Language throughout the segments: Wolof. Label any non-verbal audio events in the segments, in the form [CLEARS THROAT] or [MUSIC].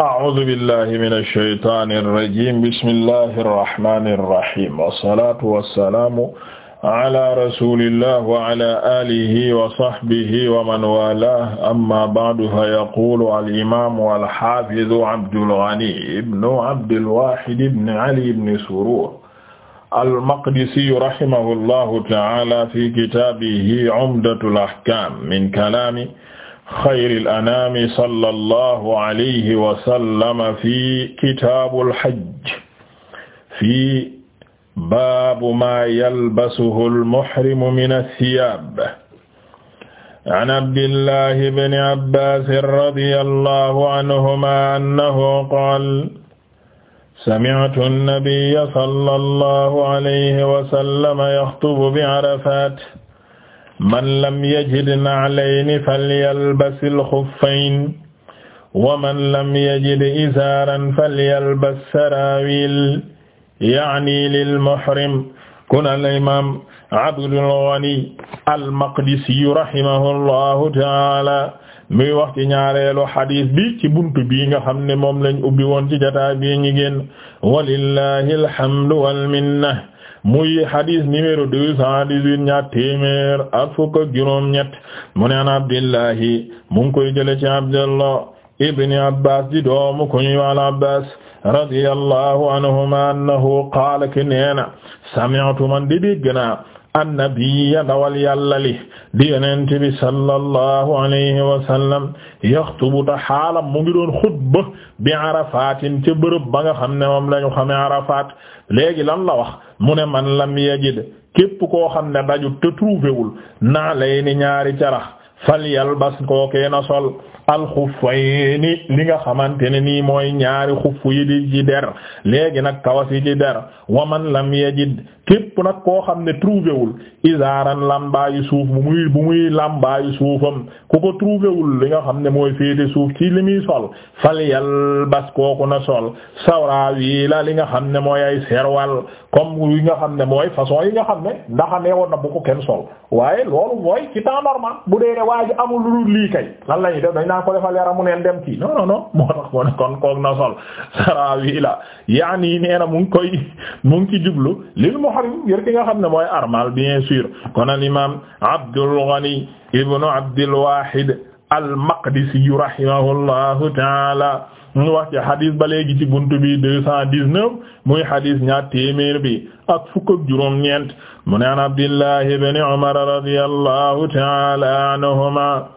أعوذ بالله من الشيطان الرجيم بسم الله الرحمن الرحيم والصلاة والسلام على رسول الله وعلى آله وصحبه ومن والاه أما بعد فيقول الإمام الحافظ عبد الغني بن عبد الواحد بن علي بن سرور المقدسي رحمه الله تعالى في كتابه عمدة الأحكام من كلام xayril anaami sallallahu alayhi wa sallama fi kitaabul hajj fi baabu maa yalbasuhul muhrimu mina siyaab. an abdillahi bni abbas radiyallahu anhuma annahu qaala sami'tu nabiyya sallallahu alayhi wa sallama yaxtubu bi arafaat man lam yajid na'layni falyalbas al-khuffayn wa man lam yajid izaaran falyalbas saraawil ya'ni lil-muhrim kon al-imaam Abdul Ghani al-Maqdisi rahimahullahu ta'aala muy wax ci ñaareelu xadiis bi ci buntu bii nga xam ne moom lañ ubbi woon ci jotaay bii ñu génn walillahi alhamdu wal minna muy hadis numéro deux cent dix-huit ñaar juróom ñett mu ne an abdillahi mu ngi koy jële ci abdallah ibni abbas di doomu ko ñuy wal abbas radiyallahu anhuma annahu qaala ke neena sami'tu man di dégg naa annabiya ndawal yàlla li di yonent bi sallallahu alayhi wa sallam yaxtubu ta xaalam mu ngi doon xutba bi arafatin ca bërëb ba nga xam ne moom la ñu xamee arafat léegi lan la wax mu ne man lam yajid képp koo xam ne daju te trouvéwul naa lay ñaari carax fal yalbas kookee na sol alxuffayni li nga xamante ne nii mooy ñaari xuff yi di ci der léegi nag kawas yi ci der waman lam ji képp nag koo xam ne trouvé wul isaaran lambaayu suuf bu muy bu muy lambaayu suufam ku ko trouvé wul li nga xam ne mooy féete suuf ci li muy sol fal yalbas kooku na sol sawraawi la li nga xam ne mooy ay serwal comme yi nga xam ne mooy façon yi nga xam ne ndaxa nee na bu ko kenn sol waaye loolu mooy ci temps normal bu dee ne amul lu lii naa ko defal yaramu neen dem ci non non non [LAUGHS] moo tax ko ne kon koog na sol sarawila yaani nee na mu ngi koy mu ngi ci jublu lil muharrim ngir ki nga xam ne mooy armal bien sûr kon al imam Abdul Ghani ibnu Abdul Wahid al-Maqdisi rahimahullahu taala mu wax ci xadis ba léegi ci buntu bi deux cent dix-neuf muy xadis ñaar téeméer bi ak fukk ak juróom-ñeent mu ne an Abdullah ibn Umar radiyallahu taala anhuma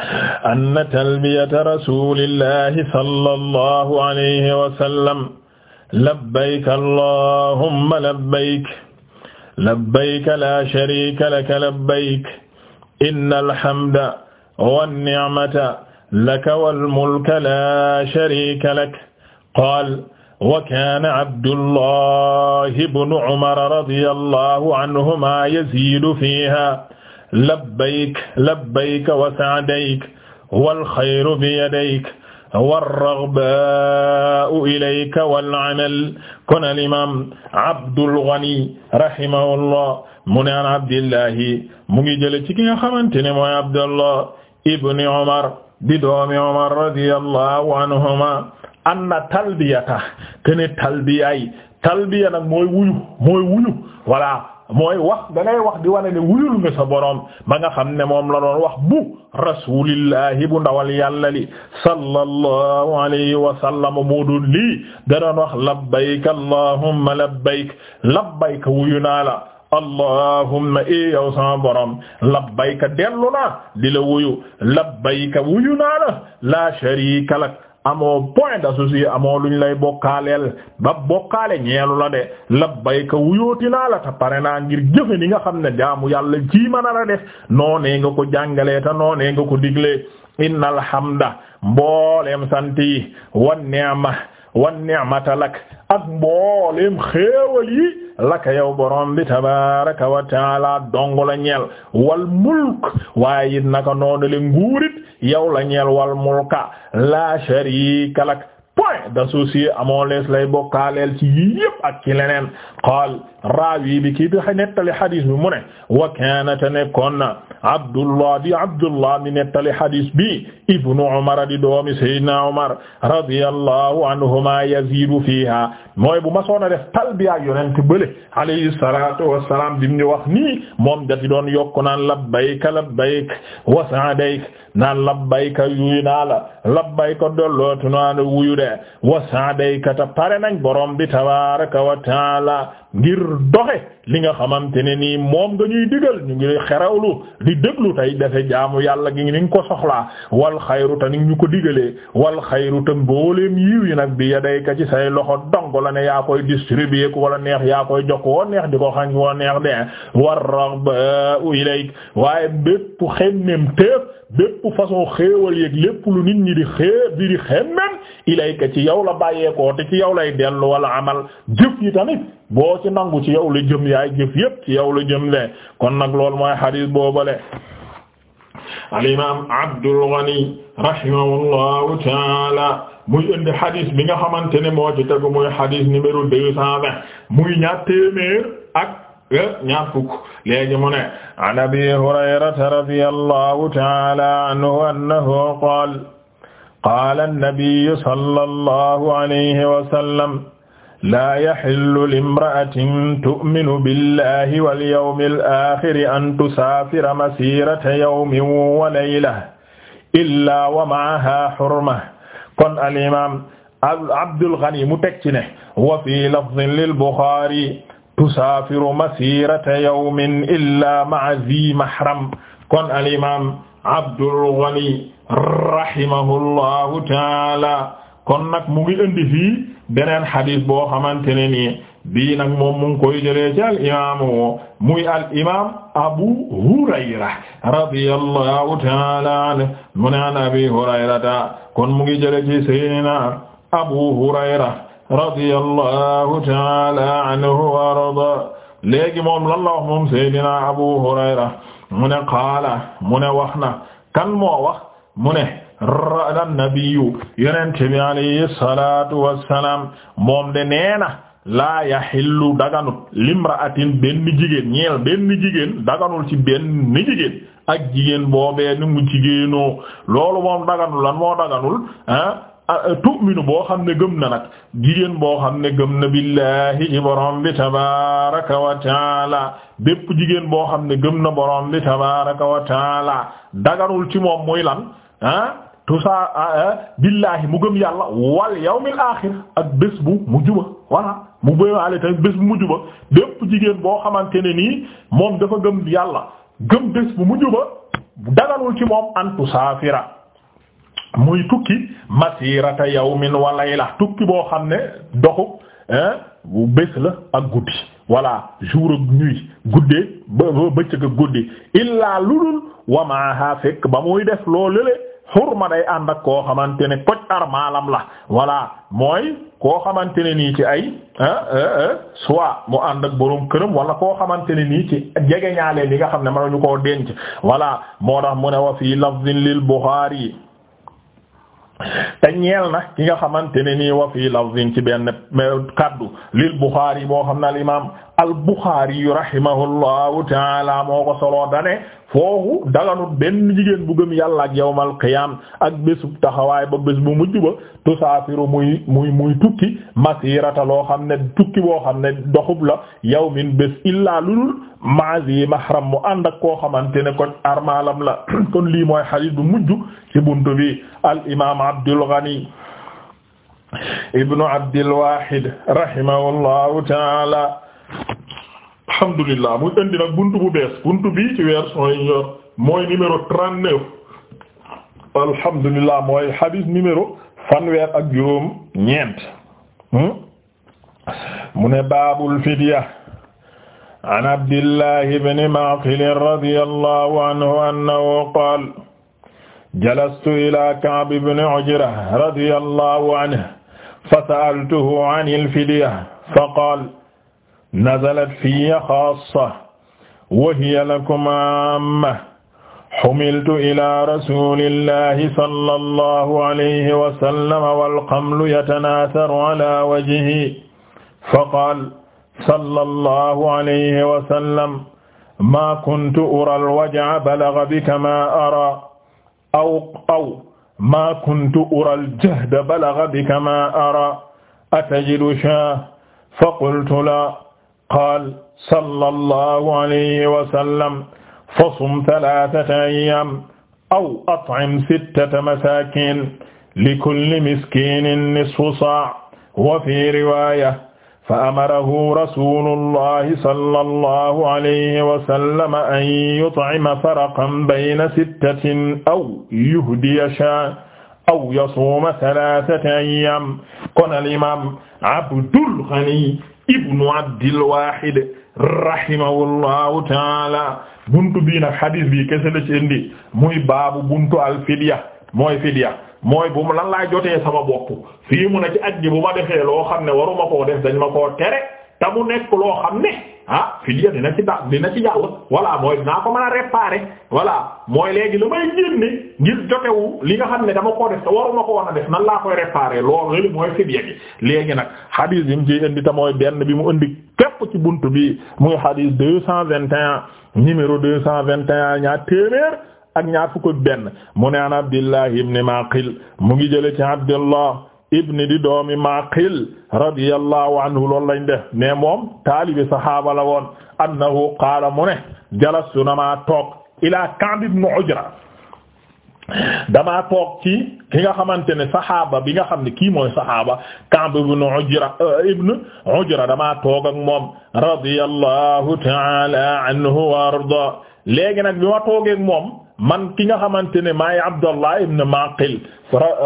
anna talbiyata rasulillahi sallallahu alayhi wa sallam labbayka allahumma labbayk labbayka laa shariika laka labbayk innal hamda wan ni'mata laka wal mulka laa shariika laka qaala wa kaana abdullahi ibnu umar radiyallahu anhumaa yaziidu fiihaa labbayk labbayka wa sa'dayk wal xayru biyadayk warraghbaa'u ilayka wal amal kon al imaam Abdul Ghani rahimahullah mu ne an Abdillahi mu ngi jële ci ki nga xamante ne mooy Abdullah ibn Umar di doomi Umar radiyallahu anhuma anna talbiyata kene talbiyaay talbiya nag mooy wuyu mooy wuyu wala mooy wax da ngay wax di wane ne wuyul nga sa boroom ba nga xam ne moom la doon wax bu rasulillahi bu ndawal yàlla li sallallahu alayhi wa sallam moo doon lii da doon wax labbayk allahumma labbayk labbayk wuyu naa la allahumma i yow sama borom labbayka dellu naa di la wuyu labbayka wuyu naa la la sharika lak amoo point d'associé amoo luñ lay bokkaaleel ba bokkaale ñeelu la de labbayka wuyooti naa la ta pare naa ngir jëfe ni nga xam ne jaamu yàlla ji mën a la def noonee nga ko jàngalee ta noonee nga ko diglee innal hamda mbooleem sant yi wan ni'ma wan ni'mata lak ak mbooleem xéewal yi laka yow borom bi tabaraka wa taala dong la ñeel wal mulk waaye it naka noonu le nguurit yow la ñeel wal mulka la sharika lak point d'associé amoo lees lay bokkaaleel ci yii yëpp ak ci leneen qaal raawi bi kii bi nettali hadis bi mu ne wa kaana te nekkoon na abdullah di abdullah di nettali hadis bi ibnu umar di doomi sayyidina umar radiyallahu anhuma yazidu fiiha mooy bu ma soona def talbiya yonent bële alayhi salatu wassalam bi mu wax nii moom dati doon yokku naan labbayka labbayk wa sa'dayk naan labbayka yuyu naa la labbayka dollootu naa la wuyu de wa sa'dayka ta pare nañ boroom bi tabaaraka wa taala ngir doxe li nga xamante ne nii moom nga ñuy digal ñu ngi xerawlu di déglu tey defe jaamu yàlla gi ngi nga ko soxlaa wal xayru ta ni ñu ko digalee wal xayru ta mbooleem yiw yi nag bi yadayka ci say loxo dong la ne yaa koy distribuer wala neex yaa koy jox woo neex di ko xañ woo neex de war raghba ilayk waaye bépp xemmem teef bépp façon xéewal yeeg lépp lu nit ñi di xée di di ilayka ci yow la bàyyeekoo te ci yow lay dellu wala amal jëf yi tamit boo ci nangu ci yow la jëm yaay jëf yépp ci yow la jëm le kon nag loolu mooy xadiis boobale al imaam Abdul Ghani rahimahullahu taala muy indi xadis bi nga xamante ne moo ci tegu muy xadis numéro deux cent muy ñaar téeméer ak ñaar fukk léegi mu ne an abi hurayrata radiyallahu ta'ala anhu annahu qaala qaala an-nabiyyu sallallahu alayhi wa sallam laa yahillu limra'atin tu'minu billahi wal yawmil aakhiri an tusaafira masiirata yawmin wa laylatin illaa wa ma'ahaa hurma kon al-imaam Abdul Ghani mu teg ci ne wa fii lafdhin lil Bukhaari tusaafiru masirata yawmin illa ma'a zi mahram kon al imam Abdul Ghani rahimahullahu taala kon nag mu ngi indi fii beneen xadis boo xamante ne nii bii nag moom mu ngi koy jëlee ci al imam muy al imam Abu Hurayra radiyallahu taala anhu mu ne an Abi Hurayrata kon mu ngi jëlee ci Seydina Abu Hurayra radiyallahu ta'ala anhu wa arda léegi moom lan la wax moom Seydina Abu Hurayra mu ne qaala mu ne wax na kan moo wax mu ne ra nabiyu yonent bi alayhi salaatu wassalaam moom de neena laa yaxillu daganut limra'atin benn jigéen ñeel benn jigéen daganul ci benn jigéen ak jigéen boobee ni mu jigéenoo loolu moom daganul lan moo daganul ah tu'minu boo xam ne gëm na nag jigéen boo xam ne gëm na billahi ci borom bi tabaraka wa taala bépp jigéen boo xam ne gëm na borom bi tabaraka wa daganul ci moom muy lan ah tusa billahi mu gëm yàlla wal yawmil aaxir ak bés bu mu juba walla mu béwaale tamit bés bu mu juba bépp jigéen boo xamante ne nii moom dafa gëm yàlla gëm bés bu mu juba daganul ci moom an tusaafira muy tukki masirata yawmin wa la tukki boo xam ne doxu bu bés la ak guddi voilà jour ak nuit guddee ba bëccëg ak guddi illaa lu wa maaha fekk ba muy def loo lële ma day ànd ak koo xamante ne koj armaalam la voilà mooy koo xamante ne nii ci ay soit mu ànd ak boroom këram wala koo xamante ne nii ci jegeñaale yi nga xam ne mënuñu koo denc voilà moo tax mu ne wa fii lafzin lil Bukhari te ñeel na ki nga xamante ne ni wa fii lafzin ci benn kaddu lil Bukhari boo xam ne al imaam al-Bukhari rahimahullahu taala moo ko soloo dane foofu daganut benn jigéen bu gëm yàlla ak yawmal qiyam ak bésub taxawaay ba bés bu mujj ba tusaafiru muy muy muy tukki masirata loo xam ne tukki boo xam ne doxub la yawmin bés illaa lulul maasi mahram mu ànd ak koo xamante ne ko armalam la [CLEARS THROAT] kon lii mooy xadiis bu mujj ci buntu bi al imaam Abdul Ghani ibnu Abdil Wahid rahimahullahu taala alhamdulilah muy indi nag buntu bu bees buntu bi ci weer mooy numéro trente neuf alhamdulilah mooy hadith numéro fanweer ak juróom ñeent hmm? mu ne baabul fidya an abdillahi ibn maqil radiyallahu anhu annahu qaala jalastu ila ka'b ibn ujra radiyallahu anhu fasa'altuhu anil fidya faqaala nazalat fiya xaassa wa hiya lakum amma xumiltu ila rasulillahi sallallahu alayhi wa sallam wal qamlu yatanaasaru ala wajhihi faqaal sallallahu alayhi wa sallam maa kuntu ural waj'a balagha bika maa araa aw aw maa kuntu ural jahda balagha bika maa araa atajidu shaah faqultu laa qaal sallallahu alayhi wa sallam fasum talaatata ayyaam aw at'im sittata masaakiin likulli miskiinin nisfu saa' wa fii riwaaya fa amarahu rasuulullahi sallallahu alayhi wa sallam an yut'ima faraqan bayna sittatin aw yuhdiya shaatan aw yasuuma talaatata ayyaam kon al imaam Abdul Ghani ibnu abdil wahid rahimahullahu taala buntu bii nag xadis bi kese la ci indi muy baabu buntu al fidya mooy fidya mooy bu lan laay jotee sama bopp fii mu ne ci bu ma defee loo xam ne waruma ko def dañ ma ko tere te mu nekk loo xam ne ah filia dina ci da dina ci jàll voilà mooy naa ko mën a réparer mooy léegi lu may génne ngir jotewu li nga xam ne dama koo def te waru ma ko war a nan laa koy réparer loo li mooy filia bi léegi nag xadiis bi mu ci indi te mooy benn bi mu indi képp ci bunt bi mu xadiis deux cent vingt et un numéro deux cent vingt et un ñaar téeméer ak ñaar fukk ak benn mu ne an Abdillah ibn Maqil mu ngi jële ci Abdullah ibni di doomi Maqil radiyallahu anhu loolu lañ def ne moom taalibi sahaaba la woon annahu qaala mu ne jalastu namaa toog ila Ka'b ibn Ujra damaa toog ci ki nga xamante ne sahaaba bi nga xam ne kii mooy sahaaba Ka'b ibn Ujra euh, ibn Ujra damaa toog ak moom radiyallahu ta'ala anhu wa arda léegi nag bi ma toogeeg moom man ki nga xamante ne maay Abdallah ibn Maqil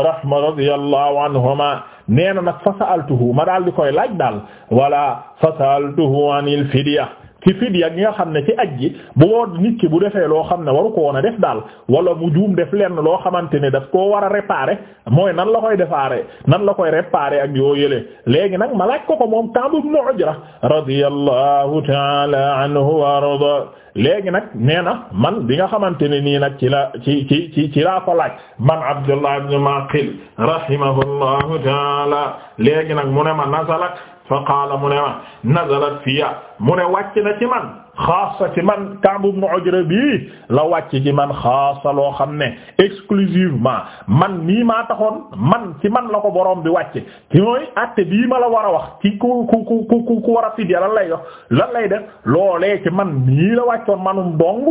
rahma radiyallahu anhuma nee na nag fa sa'altuhu ma daal di koy laaj daal wala fa sa'altuhu anil fidya ci fidya gi nga xam ne ci aj gi bu woo nit ki bu defee loo xam ne waru ko woon a def daal wala mu juum def lenn loo xamante ne daf koo war a mooy nan la koy defaare nan la koy réparer ak yoo yële léegi nag ma laaj ko ko moom Ka'b ibn Ujra radiyallahu ta'ala anhu wa arda léegi nag nee na man bi nga xamante ne nii nag ci la ci ci ci ci laa ko laaj man Abdullah ibn Maqil rahimahullahu ta'ala léegi nag mu ne ma nasalak fa qaala mu ne ma nazalat fiya mu ne wàcc na ci man xaasa ci man Ka'b ibn Ujra bi la wàcc ci man xaasa loo xam ne exclusivement man nii maa taxoon man ci man la ko borom bi wàcc ci mooy acte bii ma la war a wax ci ku ku ku ku ku war a fidya lan lay jox lan lay def loolee ci man nii la wàccoon manum dong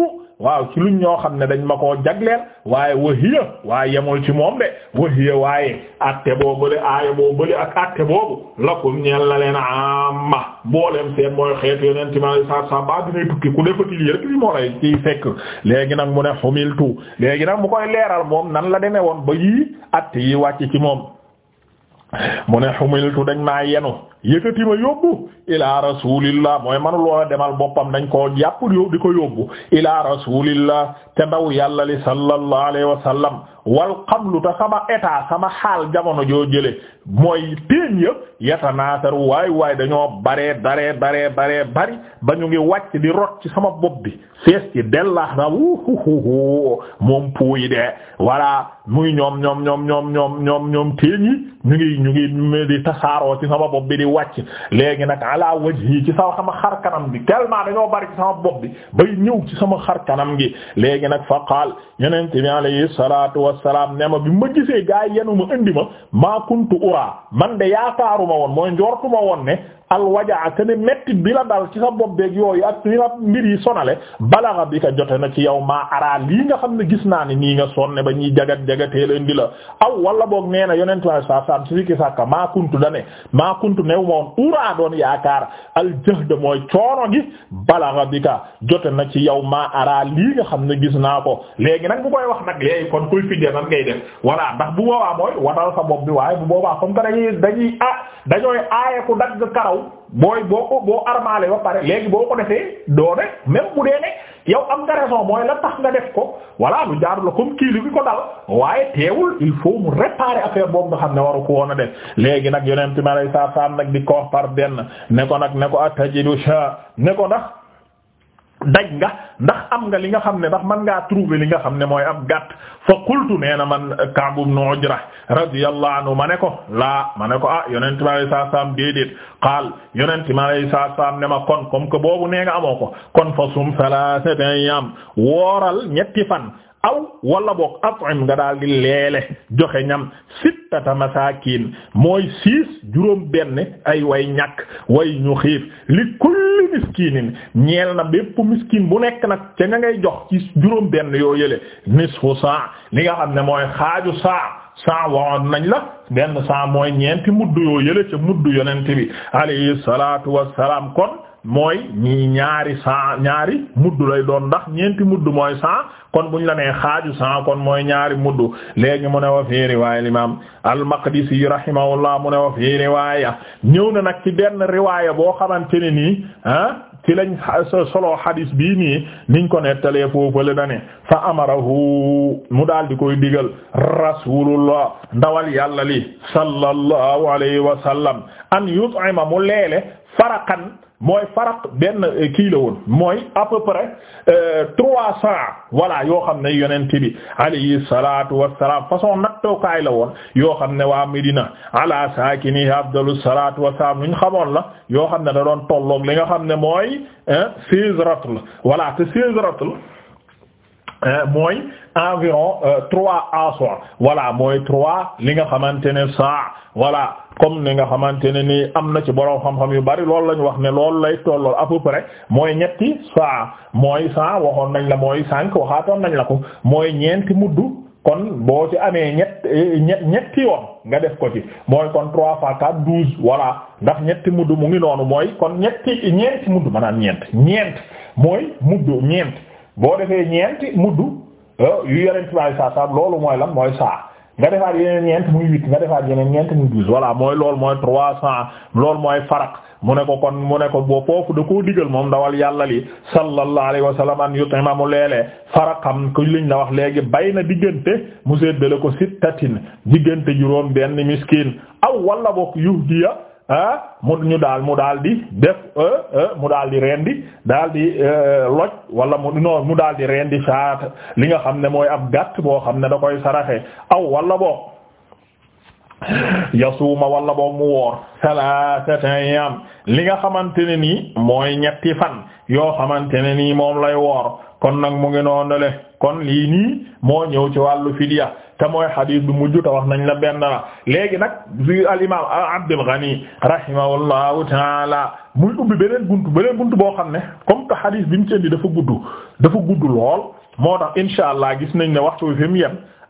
waaw ci luñ ñoo xam ne dañ ma ko jagleel waaye wahiya waa yemul ci moom de wahiya waaye atte boo bële aaya boo bële ak atte boobu lakum ñeel na leen amma booleem seen mooy xeetu yeneen timali sa sa ba dinay tukki ku defati lii rek li moo lay ciy fekk léegi nag mu ne xumiltu léegi nag mu koy leeral moom nan la demee woon ba yii atte yi wàcc ci moom mu ne xumiltu dañ maa yenu yëkkati ma yóbbu ilaa rasulillah mooy manu loola demal boppam dañ koo jàpp di ko yóbbu ilaa rasulillah te ndaw yàlla li sallallahu alayhi wa sallam wal xamlu ta sama état sama xaal jamono joo jële mooy téeñ ya yatanaasaru waay waay dañoo baree daree daree baree bari ba ñu ngi wàcc di rot ci sama bopp bi fees ci dellaax na wuhuhuhu moom puuyi de voilà muy ñoom ñoom ñoom ñoom ñoom ñoom ñoom yi ñu ngi ñu ngi di tasaaroo ci sama bopp bi di wàcc léegi nag ala wajhi ci sama sama xar kanam bi tellement dañoo bari ci sama bopp bi bay ñëw ci sama xar kanam gi léegi nag fa qaal yonent bi alayhi salaatu wassalaam ne ma bi ma gisee gaa yenu ma indi ma maa kuntu uraa man de yaakaaruma woon mooy ma woon ne alwajaa te ne metti bi la dal ci sa bopp beeg yooyu ak li la mbir yi sonale balaxa bi ka jote na ci yow maa araa lii nga xam ne gis naa ne nii nga sonne ba ñuy jagat jagatee leen di la wala boog nee na yonent sa sam si fikki sàkka maa kuntu dane maa kuntu new moom uraa gi balaxa bi ka jote na ci yow maa araa lii xam ne gis naa ko léegi nag bu koy wax nag léegi kon kuy fidde nan ngay def voilà ndax bu boobaa mooy wadal sa bopp bi waaye bu boobaa comme que dañuy dañuy ah dañooy aaye ku karaw booy boo ko boo armaale ba pare léegi boo ko defee doone même bu dee ne yow am nga raison mooy la tax nga def ko voilà lu jaar la comme kii ko dal waaye teewul il faut mu réparer affaire boobu nga xam ne waru ko woon a def léegi nag yonent mi alayhi salaam nag di ko par benn ne ko nag ne ko atajidu sha ne ko nag daj nga ndax am nga li nga xam ne ndax man ngaa trouver li nga xam ne mooy am gàtt fa qultu nee na man Ka'b ibn Ujra radiyallahu anhu ma ne ko laa ma ne ko ah yonent mi alayhi salaatu salaam déedéet qaal yonent mi alayhi salaatu salaam ne ma kon comme que boobu nee nga amoo ko kon fa sum salaasata ayyaam wooral ñetti fan aw wala boog at'im nga daal leele joxe ñam sittata masaakin mooy siis juróom benn ay way ñàkk way ñu xiif li kulli miskinin ñeel na bépp miskin bu nekk nag ca nga ngay jox ci juróom benn yoo yële nisfu saa li nga xam ne mooy xaaju saa saa waxoon nañ la benn saa mooy ñeenti mudd yoo yële ca mudd yonent bi alayhi salaatu wassalaam kon mooy ñii ñaari cent ñaari mudd lay doon ndax ñeenti mudd mooy cent kon buñ la nee xaaju cent kon mooy ñaari mudd léegi mu ne wa fii riwaaya imaam al-Maqdisi rahimahullah mu ne wa fii riwaaya ñëw na nag benn riwaaya boo xamante ne nii ah ci lañ solo hadis bii nii niñ ko nettalee foofale na ne fa amarahu mu daal di koy digal rasulullah ndawal yàlla li sallallahu alayhi wa sallam an yut'ima mu leele faraqan mooy faraq benn euh, kii la woon mooy à peu près euh, trois cent voilà yoo xam ne yonent bi alayhi salaatu wassalaam façon nattookaay la woon yoo xam ne waa Medina ala saakini afdalu salaatu wassalaam lu ñu xamoon la yoo xam ne da doon tolloog li nga xam ne mooy seize ratl voilà te seize ratl Euh, mooy environ euh, trois asoa voilà mooy trois li nga xamante ne saa voilà comme li nga xamante ne nii am na ci borom xam-xam yu bari loolu la ñu wax ne loolu lay tollool à peu près mooy ñetti saa mooy saa waxoon nañ la mooy sànq waxaatoon nañ la ko mooy ñeenti muddu kon boo ci amee ñett ñett ñetti yoon nga def ko ci mooy kon trois fois quatre douze voilà ndax ñetti mudd mu ngi noonu mooy kon ñetti ñeenti mudd maanaam ñeent ñeent mooy mudd ñeent. boo defee ñeenti muddu euh, yu yeneen tubaab yi saa saa loolu mooy lan mooy saa nga defaat yeneen ñeent muy huit nga defaat yeneen ñeent mu douze voilà mooy loolu mooy trois cent loolu mooy farak mu ne ko kon mu ne ko boo foofu da koo digal moom dawal yàlla li sallallahu alayhi wa sallam an yutima mu leelee farakam ku liñ la wax léegi bay na diggante mu séddale ko sittatin diggante juróom benn miskin aw wala yu yuhdiya Ah mu ñu daal mu daal di def eh, eh, mu daal di rendi daal di eh, loj wala mu non mu daal di rendi saat li nga xam ne mooy ab gàtt boo xam ne da koy saraxe aw wala boo yasuuma wala boo mu woor salasata yam li nga xamante ne nii ñetti fan yoo xamante ne nii moom lay woor kon nag mu ngi noonu le kon lii nii moo ñëw ci wàllu fidiya te mooy xadiis bi mujj te wax nañ la benn la léegi nag fi al imaam Abdul Ghani rahimahullahu taala muy ubbi beneen buntu beneen buntu boo xam ne comme que xadiis bi mu ci indi dafa gudd dafa gudd lool moo tax insha allah gis nañ ne waxtu bi fi mu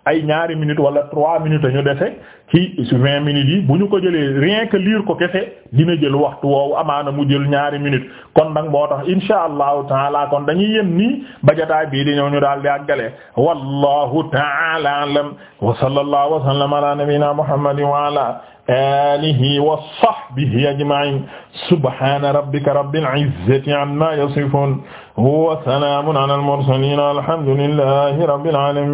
ay ñaari minutes wala trois minutes ñu dese ci vingt minutes bu ñu ko jëlee rien que lire ko kese dina jël waxtu woowu amaana mu jël ñaari minutes kon nag moo tax insha allahu taala kon dañuy yem nii bajataay bii di ñu daal di àggale wallahu taala alam wa sallallahu wa sallam ala nabiyyina muhammadin wa ala alihi wa sahbihi ajma'in subhana rabbika rabbil izzati amma yasifun wa salamun ala al mursalin alhamdulillahi